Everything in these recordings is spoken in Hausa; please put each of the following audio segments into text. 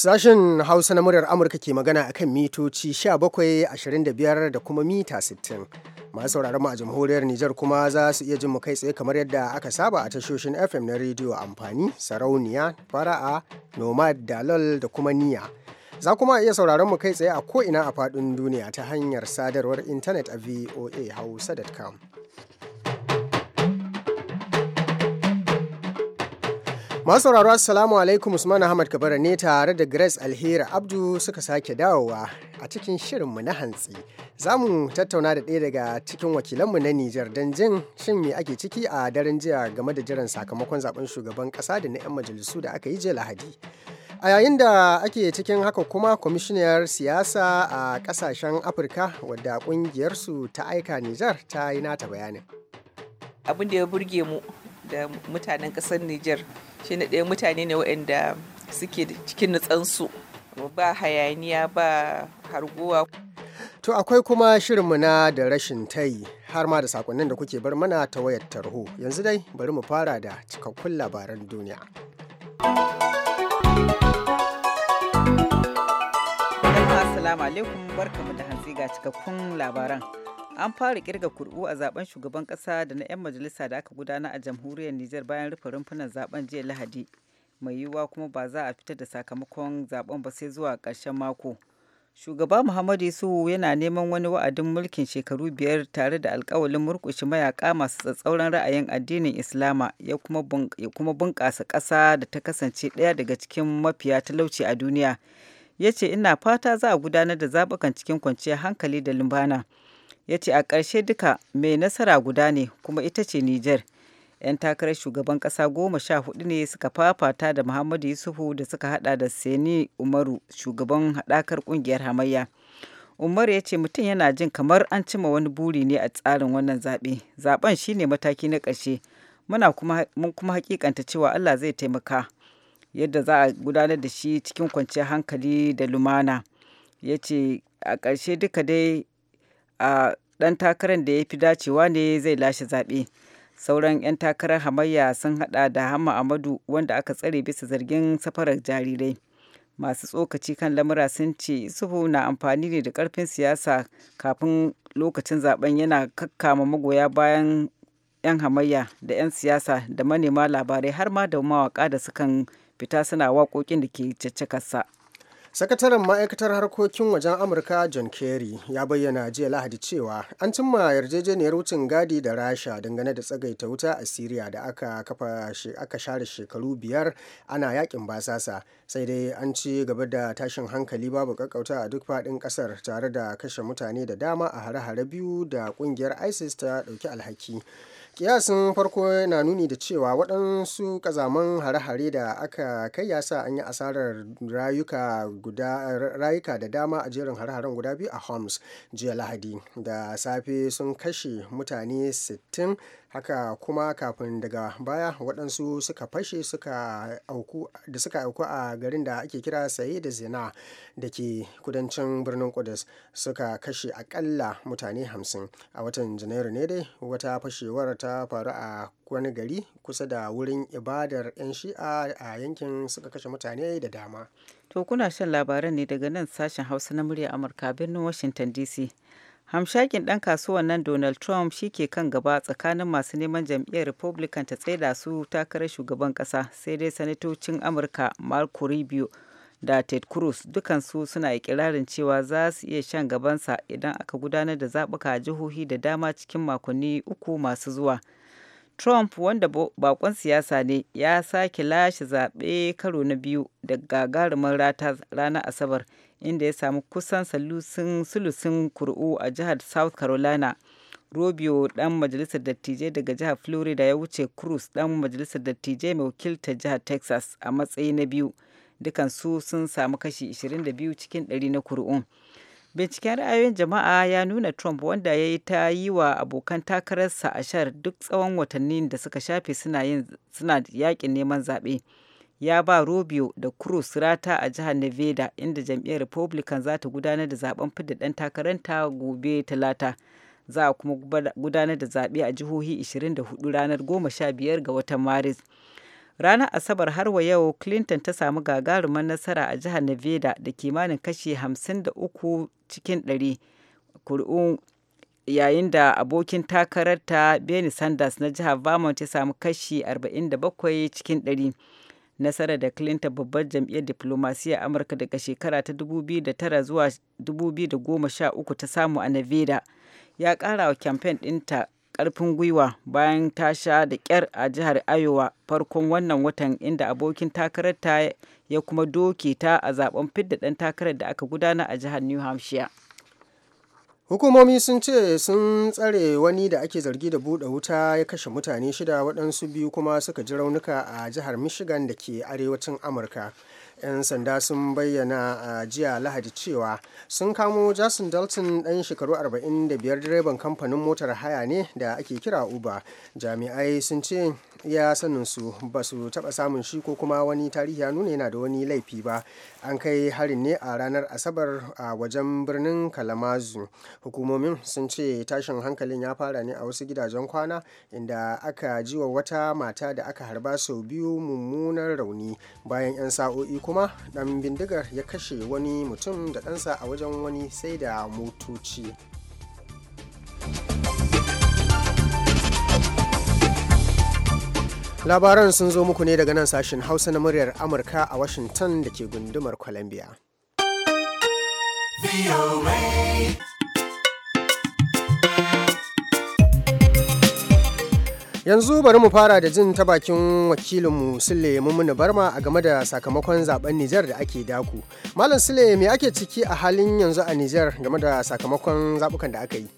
Sashen Hausa na muryar Amurka ke magana akan mitoci 17, 25 da kuma mita 60. Masu sauraron mu a jamhuriyar Nijar kuma za su iya jin mu kai tsaye kamar yadda aka saba a tashoshin FM na rediyo amfani, sarauniya, fara'a, nomad, dalol da kuma niya. Za kuma iya sauraron mu kai tsaye a ko'ina a faɗin duniya ta hanyar sadarwar intanet a voa hausa.com. Masu sauraro Assalamu alaikum Usman Ahmad Kabara ne tare da Grace Alheri Abdu suka sake dawowa a cikin shirinmu na hantsi. Za mu tattauna da ɗaya daga cikin wakilanmu na Nijar don jin shin me ake ciki a daren jiya game da jiran sakamakon zaben shugaban ƙasa da na 'yan majalisu da aka yi jiya Lahadi. a yayin da ake cikin haka kuma kwamishiniyar siyasa a kasashen afirka wadda kungiyarsu ta aika nijar ta yi nata bayanin abin da ya burge mu da mutanen kasar nijar shi na ɗaya mutane ne waɗanda suke cikin nutsansu ba hayaniya ba harguwa To akwai kuma shirinmu na da rashin tayi har ma da sakonnin da kuke bar mana ta wayar tarho. Yanzu dai bari mu fara da cikakkun labaran duniya. Assalamu alaikum barkamu da hantsi ga cikakkun labaran. an fara kirga kuri'u a zaben shugaban kasa da na 'yan majalisa da aka gudana a jamhuriyar Nijar bayan rufe rumfunan zaben jiya Lahadi. Mai yiwuwa kuma ba za a fitar da sakamakon zaben ba sai zuwa ƙarshen mako. Shugaba Muhammadu Yusufu yana neman wani wa'adin mulkin shekaru biyar tare da alkawalin murƙushe mayaka masu tsatsauran ra'ayin addinin Islama ya kuma bunƙasa ƙasa da ta kasance ɗaya daga cikin mafiya talauci a duniya. Ya ce ina fata za a gudanar da zaɓukan cikin kwanciyar hankali da lumbana. ya ce a ƙarshe duka mai nasara guda ne kuma ita ce nijar 'yan takarar shugaban ƙasa goma sha hudu ne suka fafata da muhammadu yusufu da suka hada da seni umaru shugaban haɗakar ƙungiyar hamayya umaru ya ce mutum yana jin kamar an cima wani buri ne a tsarin wannan zaɓe zaɓen shine mataki na ƙarshe muna mun kuma hakikanta cewa allah zai taimaka yadda za a gudanar da shi cikin kwanciyar hankali da lumana ya ce a ƙarshe duka dai a ɗan takarar da ya fi dacewa ne zai lashe zaɓe. Sauran 'yan takarar hamayya sun haɗa da Hamma Amadu wanda aka tsare bisa zargin safarar jarirai. Masu tsokaci kan lamura sun ce Isuhu na amfani ne da ƙarfin siyasa kafin lokacin zaben yana kakkama magoya bayan 'yan hamayya da 'yan siyasa da manema labarai har ma da mawaƙa da sukan fita suna waƙoƙin da ke caccakarsa. sakataren ma'aikatar harkokin wajen amurka john kerry ya bayyana jiya lahadi cewa an cimma yarjejeniyar wucin gadi da rasha dangane da tsagaita wuta a Siriya da aka share shekaru biyar ana yakin basasa sai dai an ci gaba da tashin hankali babu kakkauta a duk faɗin ƙasar tare da kashe mutane da dama a hare-hare biyu da ƙungiyar isis ta ɗauki alhaki kiyasin farko na nuni da cewa waɗansu kazaman hare-hare da aka kai ya sa an yi asarar rayuka da dama a jerin hare-haren guda biyu a homs jiya lahadi da safe sun kashe mutane 60 haka kuma kafin daga baya waɗansu suka fashe da suka auku a garin da ake kira saye da zina da ke kudancin birnin kudus suka kashe akalla mutane hamsin a watan janairu ne dai wata fashewar ta faru a wani gari kusa da wurin ibadar 'yan shi'a a yankin suka kashe mutane da dama to kuna shan labaran ne daga nan sashen hausa na murya amurka birnin washington dc hamshakin ɗan kasuwan nan donald trump shi ke kan gaba tsakanin masu neman jam'iyyar republican ta tsaida su takarar shugaban kasa sai dai sanatocin amurka marco rubio da ted cruz dukansu suna ikirarin cewa za su iya shan gabansa idan aka gudanar da zaɓuka a jihohi da dama cikin makonni uku masu zuwa trump wanda bakon siyasa ne ya sake lashe zaɓe karo na biyu da gagarumin rata ranar asabar inda ya samu kusan sulusun kuri'u a jihar south carolina robio dan majalisar dattijai daga jihar florida ya wuce cruz dan majalisar dattijai mai wakilta jihar texas a matsayi na biyu dukansu sun samu kashi 22 cikin 100 na kuri'un binciken ra'ayoyin jama'a ya nuna trump wanda ya yi ta yi wa abokan takararsa a shar duk tsawon watannin da suka shafe suna yakin neman zaɓe ya ba Rubio da Cruz rata a jihar Nevada inda jam'iyyar Republican za ta gudanar da zaben fidda ɗan takaranta gobe talata. Za a kuma gudanar da zaɓe a jihohi 24 ranar 15 ga watan Maris. Ranar Asabar har wa yau Clinton ta samu gagarumar nasara a jihar Nevada da kimanin kashi 53 cikin 100 yayin da abokin takararta Bernie Sanders na jihar Vermont ya samu kashi 47 cikin 100. nasarar da clinton babbar jam'iyyar diplomasiyyar amurka daga shekara ta 2009 zuwa 2013 ta samu a nevada ya kara wa kyamfen ɗinta karfin gwiwa bayan ta sha da ƙyar a jihar Iowa farkon wannan watan inda abokin takararta ya kuma doke ta a zaben fidda ɗan takarar da aka gudana a jihar New Hampshire. hukumomi sun ce sun tsare wani da ake zargi da buɗe wuta ya kashe mutane shida waɗansu biyu kuma suka ji raunuka a jihar michigan da ke arewacin amurka 'yan sanda sun bayyana a jiya lahadi cewa sun kamo jason dalton ɗan shekaru 45 direban kamfanin motar haya ne da ake kira uber jami'ai sun ce iya sanin su ba su taba samun shi ko kuma wani tarihi ya nuna yana da wani laifi ba an kai harin ne a ranar asabar a wajen birnin kalamazu hukumomin sun ce tashin hankalin ya fara ne a wasu gidajen kwana inda aka jiwa wata mata da aka harba sau biyu mummunan rauni bayan 'yan sa'o'i kuma dan bindigar ya kashe wani mutum da ɗansa a wajen wani sai da motoci. Labaran sun zo muku ne daga nan sashen Hausa na muryar Amurka a Washington da ke gundumar Columbia. Yanzu bari mu fara da jin ta bakin wakilinmu Sule mummuna Barma a game da sakamakon zaben Nijar da ake daku. Malam Sule me ake ciki a halin yanzu a Nijar game da sakamakon zabukan da aka yi?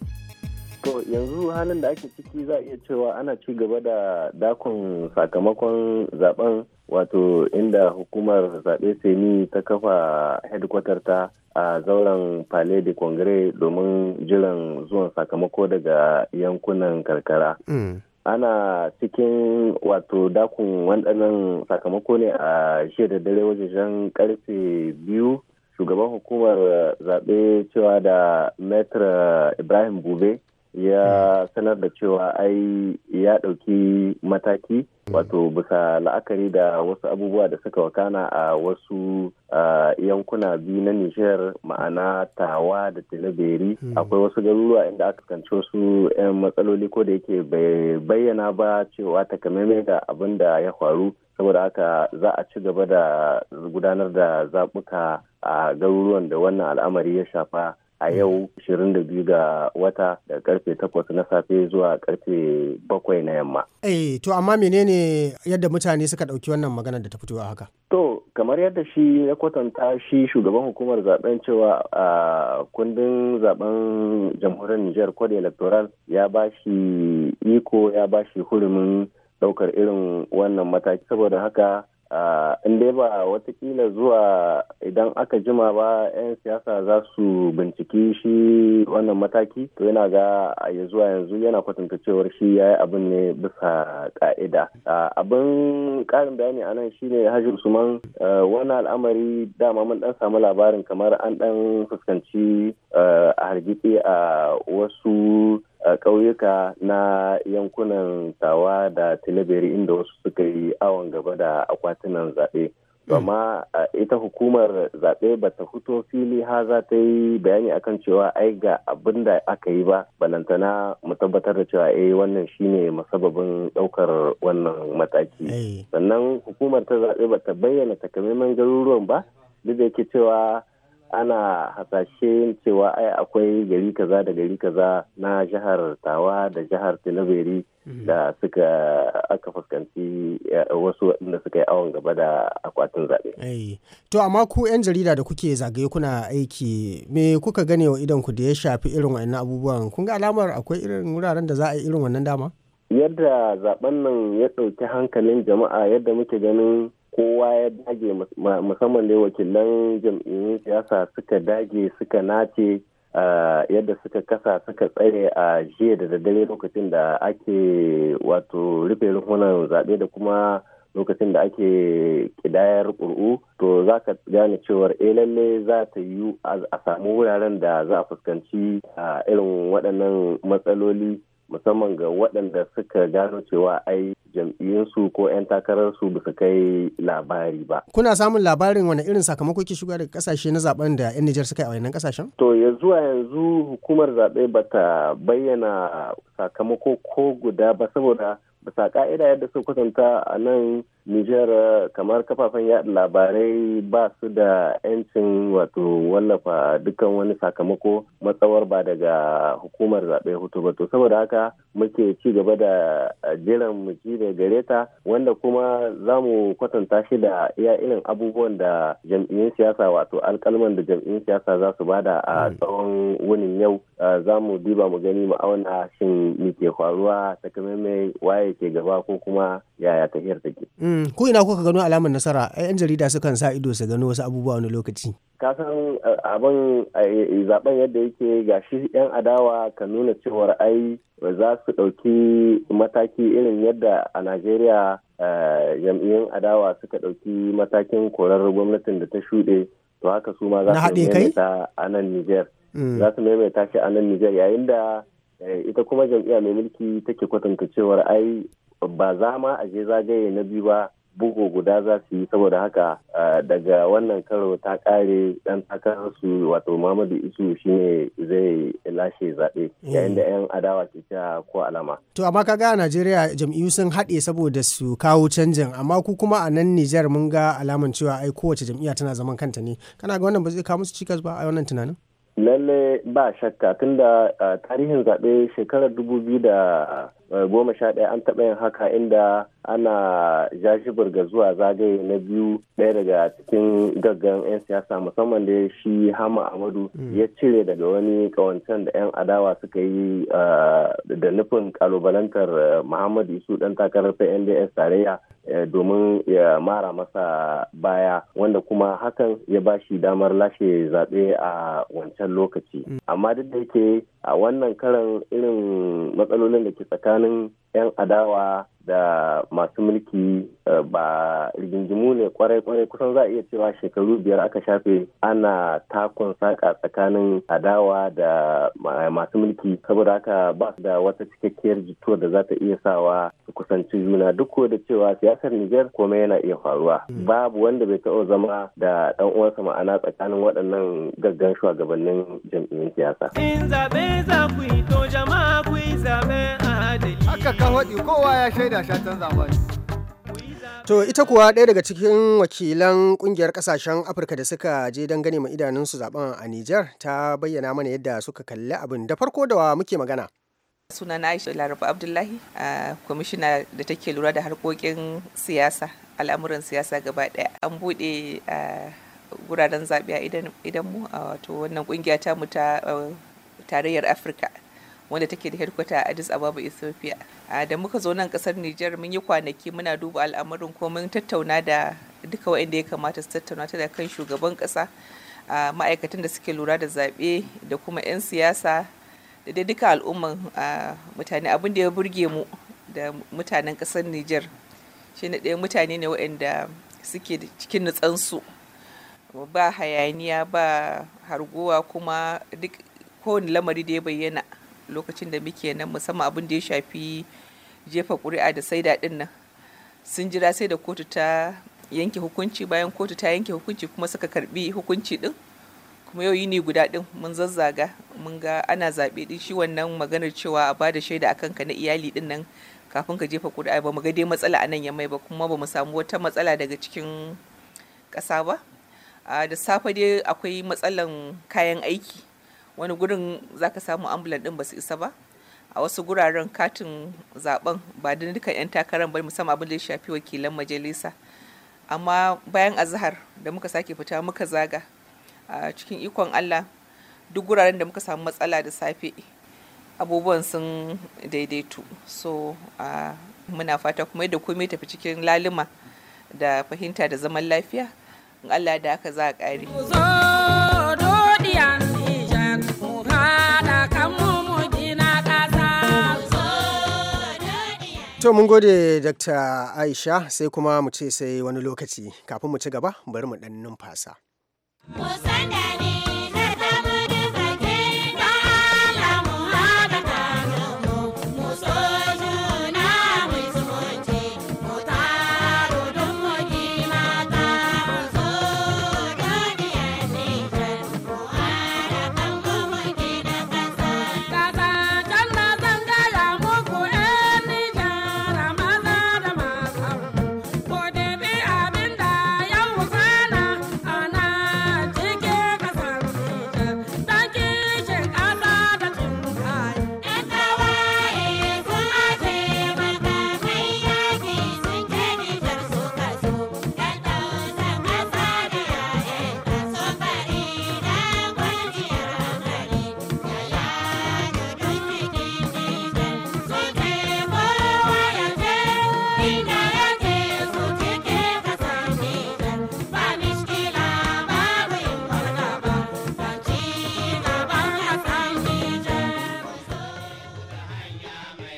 To yanzu halin da ake ciki za a iya cewa ana ci gaba da dakon sakamakon zaben wato inda hukumar zaɓe seni ta kafa hedkwatar ta a zauren palais de congrès domin jiran zuwan sakamako daga yankunan karkara. Mm. ana cikin wato dakun wadannan sakamako ne a shi da dare wajen karfe biyu shugaban hukumar zaɓe cewa da metra ibrahim bube ya hmm. sanar da cewa ai ya ɗauki mataki hmm. wato bisa la'akari da wasu abubuwa da suka wakana a wasu yankuna biyu na nijar ma'ana tawa da tilaberi hmm. akwai wasu garuruwa inda aka kanci wasu 'yan matsaloli ko da yake bai bayyana ba cewa takamaimai ga abin da ya faru saboda haka za a ci gaba da gudanar da zaɓuka a garuruwan da wannan al'amari ya shafa a yau 22 ga wata da karfe 8 na safe zuwa karfe 7 na yamma. Eh to amma menene yadda mutane suka ɗauki wannan magana da ta fito a haka? To kamar yadda shi ya kwatanta shi shugaban hukumar zaben cewa a kundin zaben jamhuriyar Nijar Code Electoral ya ba shi iko ya ba shi hurumin ɗaukar irin wannan mataki saboda haka in dai ba watakila zuwa idan aka jima ba 'yan siyasa za su binciki shi wannan mataki to yana ga ya zuwa yanzu yana kwatanta cewar shi ya yi abin ne bisa ka'ida abin karin bayani a nan shine haji usman wannan al'amari dama mun dan samu labarin kamar an dan fuskanci a hargitsi a wasu ƙauyuka na yankunan tawa da tilibiri inda wasu suka yi awon gaba da akwatunan zaɓe. amma ita hukumar zaɓe ba ta fito fili ha za ta yi bayani akan cewa ai ga abin da aka yi ba balantana mu tabbatar da cewa eh wannan shine masababin ɗaukar wannan mataki eh. sannan hukumar ta zaɓe ba ta bayyana takamaiman garuruwan ba duk da yake cewa ana hasashe cewa ai akwai gari kaza da gari kaza na jihar tawa da jihar tinaberi mhm. da suka aka fuskanci wasu waɗanda suka yi awon gaba da akwatin zaɓe. to amma ku 'yan jarida da kuke zagaye kuna aiki me kuka gane wa idan ku da ya shafi irin wannan abubuwan kun ga alamar akwai irin wuraren da za a yi irin wannan dama? yadda zaben nan ya ɗauki hankalin jama'a yadda muke ganin kowa ya dage musamman dai wakilan jam'iyyun siyasa suka dage suka nace ah, yadda suka kasa suka tsare a jiya da daddare lokacin da ake wato rufe rufunan zaɓe da kuma lokacin da ake kidayar ƙuri'u to za ka gane cewar elalle eh, lalle za ta yi a samu wuraren da za a fuskanci a ah, irin waɗannan matsaloli musamman ga waɗanda suka gano cewa ai jam'iyyarsu ko 'yan takararsu ba su kai labari ba. Kuna samun labarin wani irin sakamako ke shiga daga kasashe na zaben da 'yan Nijar suka yi a wannan kasashen? To ya zuwa yanzu hukumar zaɓe ba ta bayyana sakamako ko guda ba saboda bisa ka'ida yadda suka kwatanta a nan Nijar eh, kamar kafafen yaɗa labarai ba su da 'yancin wato wallafa dukkan wani sakamako matsawar ba daga hukumar zaɓe hutu ba to saboda haka muke ci gaba da eh, jiran muji da gare ta wanda kuma za mu kwatanta shi da iya irin abubuwan da jam'iyyun siyasa wato alkalman da jam'iyyun siyasa za su bada a hmm. tsawon wunin yau eh, za mu diba mu gani mu auna shin me ke mai waye ke gaba ko kuma yaya tafiyar take. Hmm. Mm, ko ina kuka gano alamar nasara yan jarida sukan sa ido su gano wasu abubuwa wani lokaci ka san abin zaben yadda yake gashi yan adawa ka nuna cewar ai za su ɗauki mataki irin yadda a najeriya jam'iyyun adawa suka ɗauki matakin korar gwamnatin da ta shuɗe to haka su ma za su maimaita a nan niger mm. za su maimaita shi a nan niger yayin da eh, ita kuma jam'iyya mai mulki take kwatanta cewar ai ba za ma a je zagaye na biyu ba bugu guda za su yi saboda haka eh, daga wannan karo ta kare dan takararsu wato Muhammadu Isu shine zai lashe zaɓe yayin da 'yan mm. adawa ke cewa ko alama. To amma kaga a Najeriya jam'iyyu sun haɗe saboda su kawo canjin amma ku kuma a nan Nijar mun ga alaman cewa ai kowace jam'iyya tana zaman kanta ne kana ga wannan ba zai kawo musu cikas ba a wannan tunanin? lalle ba shakka tunda eh, tarihin zaɓe shekarar dubu biyu da Eh, goma sha ɗaya an taɓa yin haka inda ana jashi ga zuwa zagaye na biyu ɗaya daga cikin gaggan 'yan siyasa musamman da shi hama amadu mm. ya cire daga wani kawancen da 'yan adawa suka yi eh, da nufin kalubalantar eh, muhammadu isu ɗan takarar pnds tarayya domin ya mara masa baya wanda kuma hakan ya ba shi damar lashe zaɓe a wancan lokaci mm. amma duk da yake a wannan karan irin matsalolin da ke tsakanin 'yan adawa da masu mulki eh, ba rigingimu ne kwarai-kwarai kusan za a iya cewa shekaru biyar aka shafe ana takon saƙa tsakanin adawa da masu mulki saboda haka ba su da wata cikakkiyar jituwa da za ta iya sawa su kusanci juna duk da cewa siyasar Nijar komai yana iya faruwa hmm. babu wanda bai taɓa zama da ɗan uwansa ma'ana tsakanin waɗannan gaggan shugabannin jam'iyyar siyasa. kowa To ita kuwa ɗaya daga cikin wakilan ƙungiyar ƙasashen Afirka da suka je don gane ma idanunsu zaben a Nijar ta bayyana mana yadda suka kalli abin da farko da muke magana. suna na aisha laraba abdullahi a kwamishina da take lura da harkokin siyasa al'amuran siyasa gaba daya an bude guraren zaɓe a idan mu a wato wannan ƙungiya ta mu ta tarayyar afirka wanda take da headquarter a Addis Ababa Ethiopia da muka zo nan kasar Niger mun yi kwanaki muna duba al'amarin ko mun tattauna da duka waɗanda ya kamata su tattauna ta da kan shugaban kasa ma'aikatan da suke lura da zaɓe da kuma 'yan siyasa da dai duka al'umman mutane abin da ya burge mu da mutanen kasar Niger shi na ɗaya mutane ne waɗanda suke cikin nutsansu ba hayaniya ba harguwa kuma duk kowane lamari da ya bayyana lokacin da muke nan musamman abin da ya shafi jefa ƙuri'a da sai daɗin nan sun jira sai da kotu ta yanke hukunci bayan kotu ta yanke hukunci kuma suka karbi hukunci din kuma yau yi ne guda din mun zazzaga mun ga ana zaɓe din shi wannan maganar cewa a ba da shaida a kanka na iyali din nan kafin ka jefa kuri'a ba mu ga dai matsala a nan yammai ba kuma ba mu samu wata matsala daga cikin ƙasa ba da safe dai akwai matsalan kayan aiki wani gurin ka samu ambulan din ba su isa ba a wasu guraren katin zaben ba da dukkan 'yan takarar ba musamman abin da ya shafi wakilan majalisa amma bayan azahar da muka sake fita muka zaga a cikin ikon allah duk guraren da muka samu matsala da safe abubuwan sun daidaitu so a muna fata kuma yadda komai tafi cikin lalima da fahimta da zaman lafiya in allah da aka za a ƙare To mun gode Dr. Aisha sai kuma mu ce sai wani lokaci kafin mu ci gaba bari mu ɗan numfasa.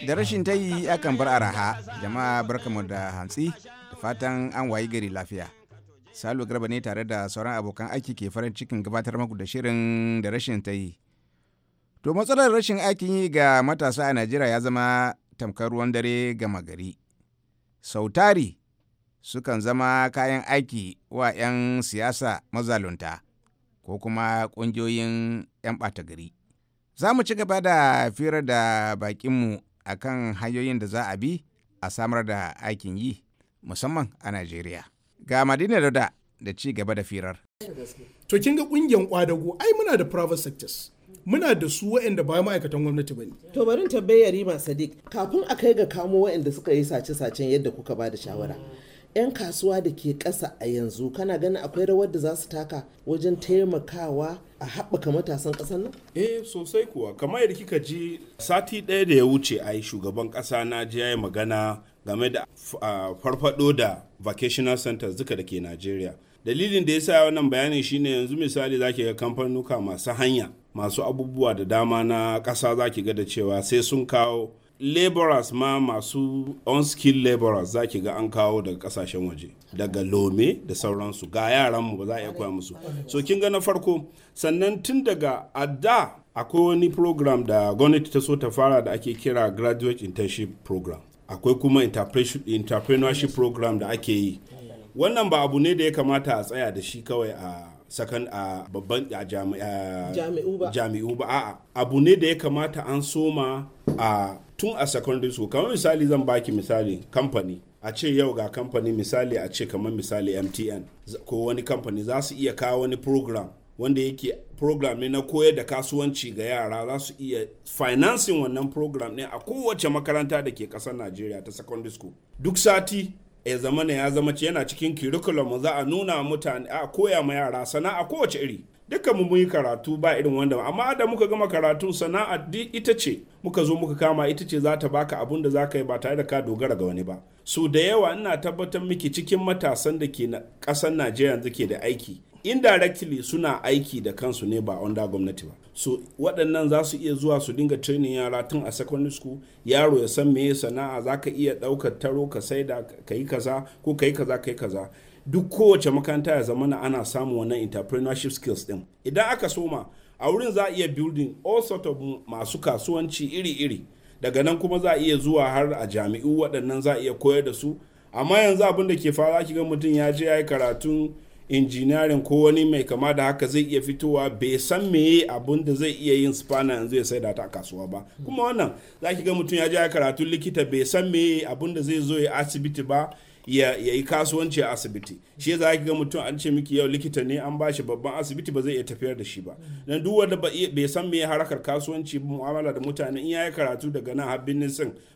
da rashin ta yi akan bar araha jama'a barkamu da hantsi da fatan an wayi gari lafiya salo garba ne tare da sauran abokan aiki ke farin cikin gabatar maku da shirin da rashin ta yi to matsalar rashin aikin yi ga matasa a najeriya ya zama tamkar ruwan dare gama gari sautari sukan zama kayan aiki wa 'yan siyasa mazalunta ko kuma ƙungiyoyin 'yan ɓata gari. Za mu ci gaba da firar da bakinmu a kan hanyoyin da za a bi a samar da aikin yi musamman a Najeriya. Ga Madina da da ci gaba da firar. To kin ga kungiyar kwadago ai muna da private sectors. Muna da su waɗanda ba ma'aikatan gwamnati bane. To barin tambayar Rima Sadiq kafin a kai ga kamo waɗanda suka yi sace-sacen yadda kuka ba da shawara. 'yan kasuwa da ke ƙasa a yanzu kana ganin akwai rawar da za su taka wajen taimakawa a haɓaka matasan ƙasar nan? eh sosai kuwa kamar yadda kika ji sati ɗaya da ya wuce a yi shugaban ƙasa na ji ya yi magana game da farfado da vocational centers duka da ke najeriya dalilin da ya sa wannan bayanin shine yanzu misali zaki ga kamfanuka masu hanya masu abubuwa da dama na ƙasa zaki ga da cewa sai sun kawo laborers ma masu on laborers za ki ga an kawo daga kasashen waje daga lome da sauransu ga yaranmu ba za a iya koya musu so kin ga na farko sannan tun daga adda akwai wani program da gwamnati ta so ta fara da ake kira graduate internship program akwai kuma entrepreneurship program da ake yi wannan ba abu ne da ya kamata a tsaya da shi kawai a sakan a babban jami'u ba a'a abu ne da ya kamata an soma a tun a secondary school kamar misali zan baki misali kamfani a ce yau ga kamfani misali a ce kamar misali mtn ko wani kamfani za su iya kawo wani program wanda yake program ne na koyar da kasuwanci ga yara za su iya financing wannan program ne a kowace makaranta da ke kasar najeriya ta secondary school duk sati ya zama ya zama ce yana cikin curriculum za a nuna mutane a koya ma yara sana'a kowace iri dukkan mu yi karatu ba irin wanda ba amma da muka gama karatun sana'a ita ce muka zo muka kama ita ce za ta baka abun da za ka yi ba tare da ka dogara ga wani ba su da yawa ina tabbatar miki cikin matasan da ke ƙasar najeriya yanzu ke da aiki indirectly suna aiki da kansu ne ba under gwamnati ba so waɗannan za su iya zuwa su dinga training yara tun a secondary school yaro ya san meye sana'a za ka iya ɗaukar taro ka saida ka yi kaza ko ka yi kaza ka yi kaza duk kowace makaranta ya zamana ana samun wannan entrepreneurship skills din idan aka soma a wurin za a iya building all sort of masu kasuwanci iri-iri daga nan kuma za a iya zuwa har a jami'u waɗannan za a iya koyar da su amma yanzu abin da ke fara ki ga mutum ya je ya yi karatun injiniyarin ko wani mai kama da haka zai iya fitowa bai san meye abin da zai iya yin spana yanzu ya saida ta a kasuwa ba kuma wannan za ki ga mutum ya je ya karatun likita bai san meye abin da zai zo ya asibiti ba ya yi kasuwanci a asibiti shi za ki ga mutum an ce miki yau likita ne an bashi babban asibiti ba zai iya tafiyar da shi ba dan duk wanda bai san me harakar kasuwanci mu'amala da mutane in yayi karatu daga nan har birnin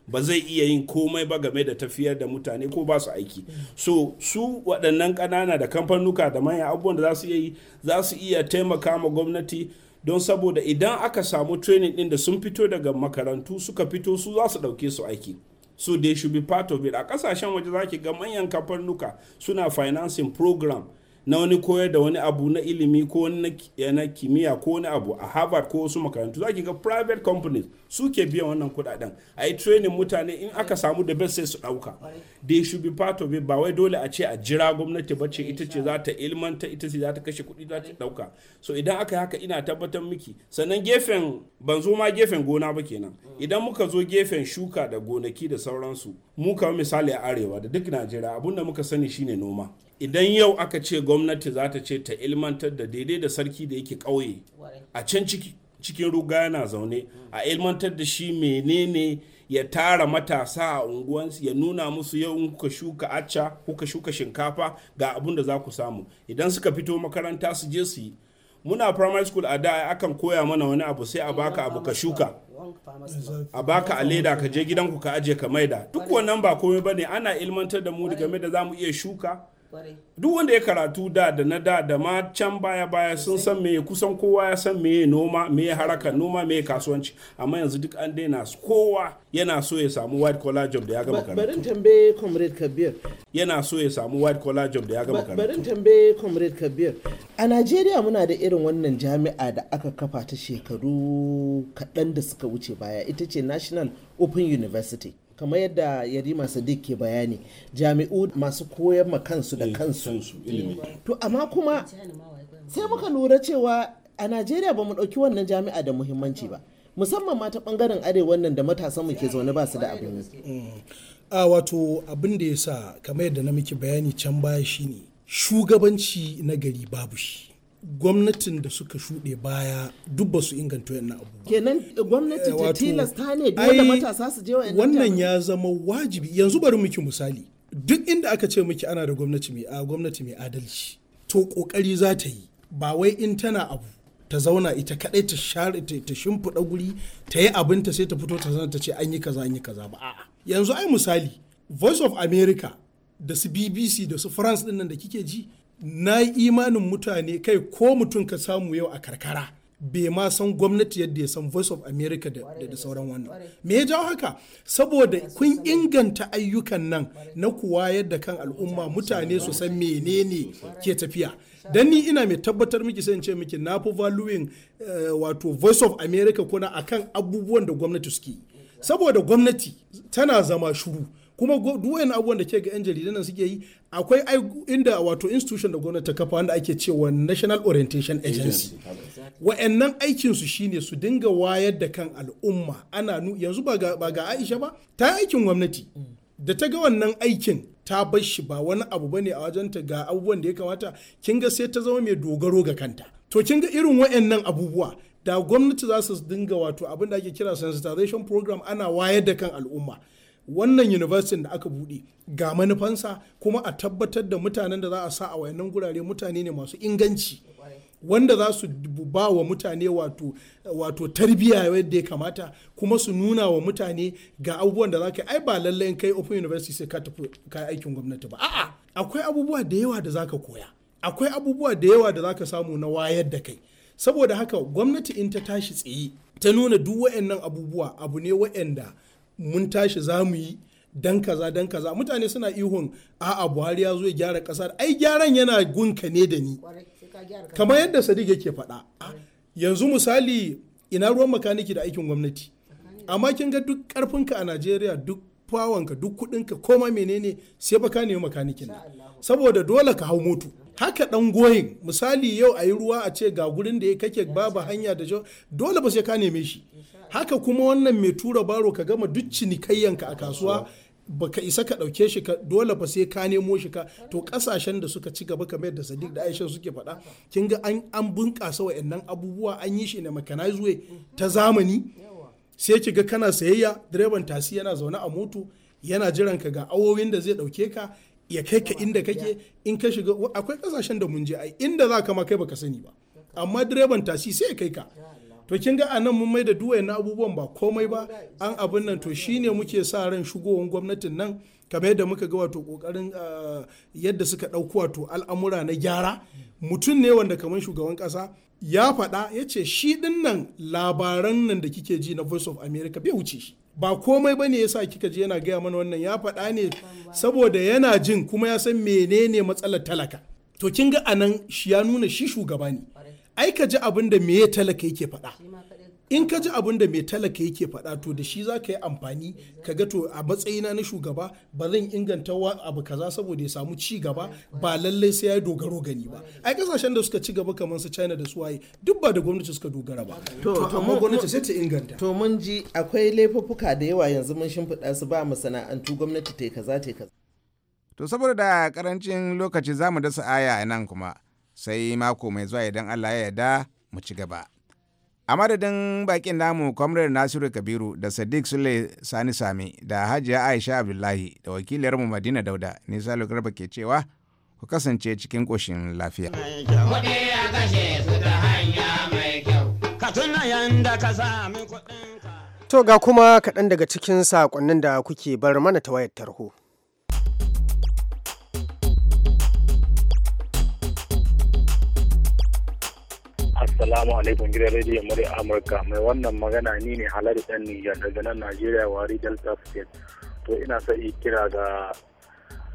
ba zai iya yin komai ba game da tafiyar da mutane ko ba su aiki so su waɗannan ƙanana da kamfanuka da manyan abubuwan da za su iya yi za su iya taimaka ma gwamnati don saboda idan aka samu training din da sun fito daga makarantu suka fito su za su ɗauke su aiki so they should be part of it a kasashen waje zaki ga manyan kafarnuka suna financing program na wani koyar da wani abu na ilimi ko na kimiyya ko wani abu a harvard ko wasu makarantu za ki ga private companies suke biyan wannan kudaden a yi training mutane in aka samu da best sai su dauka they should be part of it ba wai dole a ce a jira gwamnati ba ce ita ce za ta ilmanta ita ce za ta kashe kuɗi za ta dauka so idan aka yi haka ina tabbatar miki sannan gefen ban zo ma gefen gona ba kenan idan muka zo gefen shuka da gonaki da sauransu mu kawai misali a arewa da duk najeriya abinda muka sani shine noma idan yau aka ce gwamnati za ta ce ta ilmantar da daidai da sarki da yake ƙauye a can cikin ruga yana zaune a ilmantar da shi menene ya tara matasa a unguwansu ya nuna musu yau kuka shuka acca kuka shuka shinkafa ga abun da za ku samu idan suka fito makaranta su je su yi muna primary school a da akan koya mana wani abu sai a baka abu ka shuka a baka a leda ka je gidanku ka aje ka maida duk wannan ba komai bane ana ilmantar da mu game da zamu iya shuka duk wanda ya karatu da da na da da ma can baya baya sun san me kusan kowa ya san me noma me haraka noma me kasuwanci amma yanzu duk an daina kowa yana so ya samu white collar job da ya gama karatu barin tambaye comrade kabir yana so ya samu white collar job da ya gama karatu barin tambaye comrade kabir a Najeriya muna da irin wannan jami'a da aka kafa ta shekaru kaɗan da suka wuce baya ita ce National Open University kamar yadda yarima sadiq ke bayani jami'u masu koyar ma kansu da eh, kansu to amma kuma sai muka lura cewa a najeriya ba mu ɗauki wannan jami'a da muhimmanci ba musamman ma ta bangaren arewa nan da matasan mu ke zaune ba su da abin yi mm. a ah, wato abin da ya sa kamar yadda na miki bayani can baya shine shugabanci na gari babu shi gwamnatin da suka shuɗe baya duk ba su inganta wannan abu kenan eh, gwamnati ta eh, tilasta ne dole matasa su je wa wannan ya zama wajibi yanzu bari miki misali duk inda aka ce miki ana da gwamnati mai gwamnati mai adalci to kokari za ta yi ba wai in tana abu ta zauna ita kadai ta share ta shimfiɗa guri ta yi abinta sai ta fito ta zana ta ce an yi kaza an yi kaza ba a'a yanzu ai misali voice of america da su bbc da su france din nan da kike ji na yi imanin mutane kai ko mutum ka samu yau a karkara bai ma san gwamnati yadda ya san voice of america da sauran wannan me ya jawo haka saboda kun inganta ayyukan nan na kuwa yadda kan al'umma mutane su san menene ke tafiya dan ni ina mai tabbatar miki sai in ce miki na fi valuing eh, wato voice of america kuna akan abubuwan da gwamnati suke saboda gwamnati tana zama shuru kuma duk wayan abubuwan da ke ga yan jaridan nan suke yi akwai inda wato institution da gwamnati ta kafa wanda ake cewa national orientation agency wa'annan aikin su shine su dinga wayar da kan al'umma ana nu yanzu ba ga, aisha ba ta aikin gwamnati da ta ga wannan aikin ta bar shi ba wani abu bane a ta ga abubuwan da ya kamata kin ga sai ta zama mai dogaro ga kanta to kin ga irin wayannan abubuwa da gwamnati za su dinga wato abin da ake kira sensitization program ana wayar da kan al'umma wannan university da aka buɗe ga manufansa kuma a tabbatar da mutanen da za a sa a wayannan gurare mutane ne masu inganci wanda za su ba wa mutane wato, tarbiyya yadda ya kamata kuma su nuna wa mutane ga abubuwan da za ka ai ba lallai kai open university sai ka tafi kai aikin gwamnati ba a'a akwai abubuwa da yawa da za ka koya akwai abubuwa da yawa da za ka samu na wayar da kai saboda haka gwamnati in ta tashi tsaye ta nuna duk waɗannan abubuwa abu ne waɗanda mun tashi za mu yi dan kaza dan kaza mutane suna ihun a'a buhari ya zo ya gyara kasar ai gyaran yana gunka ne da ni kamar yadda sadiq yake faɗa yanzu misali ina ruwan makaniki da aikin gwamnati amma kin ga duk karfinka a najeriya duk fawanka duk kudinka koma menene sai baka ka nemi makanikin saboda dole ka hau moto haka dan goyin misali yau a yi ruwa a ce ga gurin da ya kake babu hanya da dole ba sai ka neme shi haka kuma wannan mai tura baro ka gama duk cinikayyanka a kasuwa baka isa ka ɗauke shi ka dole fa sai ka nemo shi ka to kasashen da suka ci gaba kamar da sadiq da aisha suke faɗa kin ga an an bunƙasa wa'annan abubuwa an yi shi ne mechanized ta zamani sai ki ga kana sayayya direban tasi yana zaune a moto yana jiran ka ga awowin da zai ɗauke ka ya kai ka inda kake in ka shiga akwai kasashen da mun je ai inda za ka ma kai baka sani ba amma direban tasi sai ya kai ka to kin ga anan mun mai da duwayen na abubuwan ba komai ba an abin nan to shine muke sa ran shigowar gwamnatin nan kamar yadda muka ga wato kokarin ah, yadda suka ɗauko wato al'amura na gyara mutum ne wanda kamar shugaban kasa ya faɗa ya ce shi ɗin nan labaran nan da kike ji na voice of america bai wuce shi ba komai ba ne ya sa kika ji yana gaya mana wannan ya faɗa ne saboda yana jin kuma ya san menene matsalar talaka to kin ga anan shi ya nuna shi shugaba ne ai ka ji abin da me talaka yake faɗa in ka ji abin da mai talaka yake faɗa to da shi za ka yi amfani ka ga to a matsayina na shugaba ba zan inganta abu kaza saboda ya samu ci gaba ba lallai sai ya dogaro gani ba ai kasashen da suka ci gaba kamar su china da su waye duk ba da gwamnati suka dogara ba to amma gwamnati sai ta inganta to mun ji akwai laifuffuka da yawa yanzu mun shimfiɗa su ba masana'antu gwamnati ta kaza ta kaza to saboda karancin lokaci zamu mu dasa aya nan kuma sai mako mai zuwa idan Allah ya yarda mu ci gaba. A madadin bakin namu Comrade Nasiru Kabiru da Sadiq Sule Sani Sami da Hajiya Aisha Abdullahi da mu Madina Dauda ni Salu Garba ke cewa ku kasance cikin koshin lafiya. To ga kuma kaɗan daga cikin saƙonnin da kuke bar mana ta wayar tarho. Assalamu alaikum gidan rediyon murya Amurka mai wannan magana ni ne halari ɗan Nijar daga nan Najeriya wari Delta State. To ina sa yi kira ga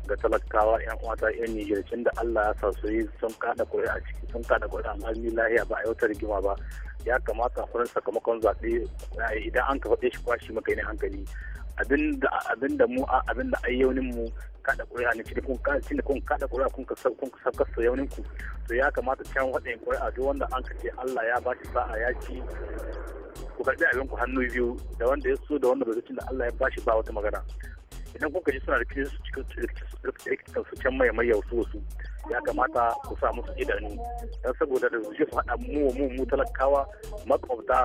ga talakawa yan uwata yan Nijar da Allah ya sa su yi sun kada kuri a ciki sun kada kuri amma ni lahiya ba a yautar rigima ba ya kamata kurin sakamakon zaɓe idan an ka faɗe shi kwashi maka ne hankali abinda abinda mu abinda ayyaunin mu kada kuri'a ne cikin kun cikin kun kada kuri'a kun ka kun ka sabka ku to ya kamata can waɗannan kuri'a duk wanda an kace Allah ya bashi sa'a ya ci ku karbi abin ku hannu biyu da wanda ya so da wanda bai da Allah ya bashi ba wata magana idan kuka ji suna rikicin su cikin su can mai mai yausu wasu ya kamata ku sa musu idanu don saboda da zuci su haɗa mu mu mu talakawa makwabta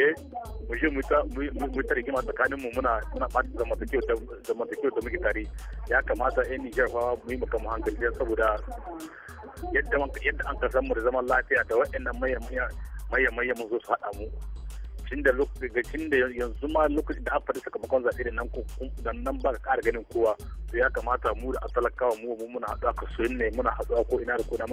eh mu je mu ta rigima tsakanin mu muna muna ɓata zamantakewa da muke tare ya kamata yan Nijar fa mu yi makamu hankali saboda yadda an ka san mu da zaman lafiya da waɗannan mayan mayan mayan mu zo su haɗa mu tun da lokacin da yanzu ma lokacin da aka faɗi makon zaɓe da nan da nan ba ka ƙara ganin kowa to ya kamata mu da asalakawa mu mu muna haɗuwa kasuwan ne muna haɗuwa ko ina da ko na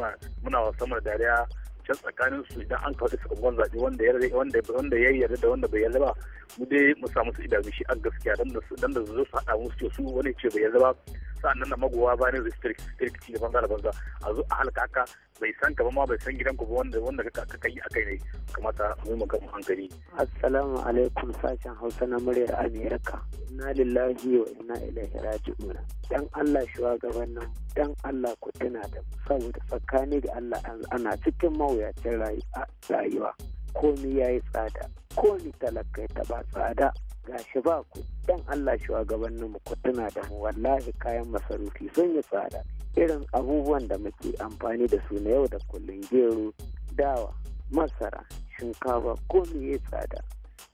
muna wasa da dariya can tsakanin su idan an kawo makon zaɓe wanda ya wanda wanda ya yarda da wanda bai yarda ba mu dai mu samu su idanu shi a gaskiya dan da dan da su haɗa musu su wani ce bai yarda ba sa'annan na magowa bayan zai strict strict ne banza da banza a zo a halka haka bai san ka ba ma bai san gidan ku ba wanda wanda ka kai akai ne kamata mu mu kan hankali assalamu alaikum sashen Hausa na muryar Amerika Na lillahi wa inna ilaihi raji'un dan Allah shugaban nan dan Allah ku tuna da saboda tsakani da Allah ana cikin mawuyacin rayuwa komi yayi tsada komi talakai ta ba tsada ga shi ba ku dan Allah shugabannin mu ku tuna da mu wallahi kayan masarufi sun yi tsada irin abubuwan da muke amfani da su na yau da kullum gero dawa masara shinkafa ko me ya tsada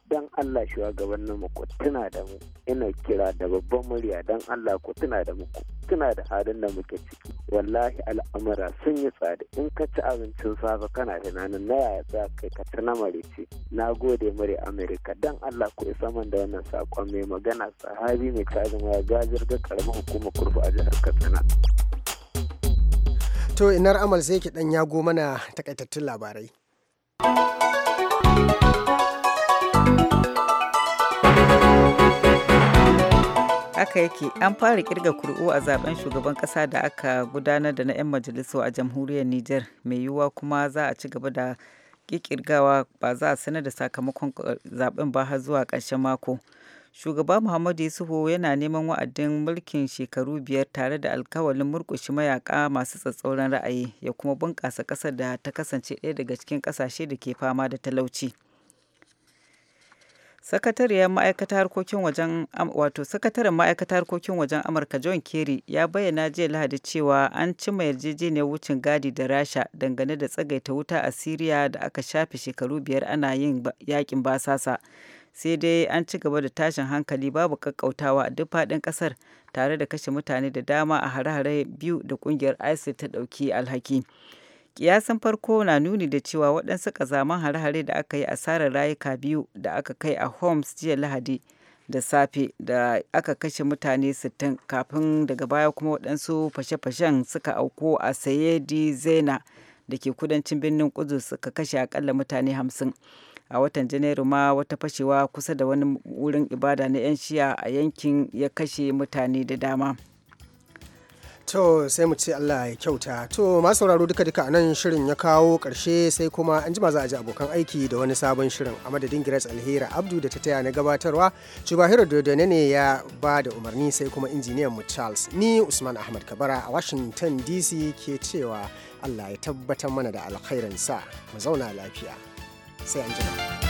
dan Allah shugabannin mu ku tuna da mu ina kira da babban murya dan Allah ku tuna da mu tuna da halin da muke ciki wallahi al'amura sun yi tsada in ka ci abincin safe kana da nanin na yaya za kai ka ci na marice na gode murya Amerika dan Allah ku isa man da wannan sakon mai magana sahabi mai tajin waya gajir ga karamin hukumar kurfu a jihar Katsina. To inar amal sai ki dan yago mana takaitattun labarai. haka yake an fara kirga kuri'u a zaben shugaban kasa da aka gudanar da na 'yan majalisar a jamhuriyar niger mai yiwuwa kuma za a ci gaba da kirgawa ba za a sanar da sakamakon eh, zaben ba har zuwa ƙarshen mako shugaba muhammadu yusufu yana neman wa'adin mulkin shekaru biyar tare da alkawalin murkushi mayaka masu tsatsauran ra'ayi ya kuma bunƙasa ƙasar da ta kasance ɗaya daga cikin ƙasashe da ke fama da talauci sakatariyar ma'aikatar harkokin wajen wato sakataren ma'aikatar harkokin wajen amurka john kerry ya bayyana jiya lahadi cewa an cima yarjejeniyar wucin gadi da rasha dangane da tsagaita wuta a syria da aka shafe shekaru biyar ana yin yakin basasa sai dai an ci gaba da tashin hankali babu kakkautawa a duk faɗin ƙasar tare da kashe mutane da dama a hare-hare biyu da ƙungiyar isil ta ɗauki alhaki kiyasan farko na nuni da cewa waɗansu ƙazaman hare-hare da aka yi asarar rayuka biyu da aka kai a homs jiya lahadi da safe da aka kashe mutane 60 kafin daga baya kuma waɗansu fashe-fashen suka auko a sayedi zena da ke kudancin birnin kudus suka kashe akalla mutane 50 a watan janairu ma wata fashewa kusa da wani wurin ibada na 'yan shiya a yankin ya kashe mutane da dama. To sai mu ce Allah ya kyauta. To masu sauraro duka duka nan shirin ya kawo ƙarshe sai kuma an jima za a ji abokan aiki da wani sabon shirin a madadin Giras Alhera Abdu da ta taya na gabatarwa. da Dodone ne ya ba da umarni sai kuma injiniyan mu Charles. Ni Usman Ahmad Kabara a Washington DC ke cewa Allah ya tabbatar mana da alkhairansa mu zauna lafiya. Sai an jima.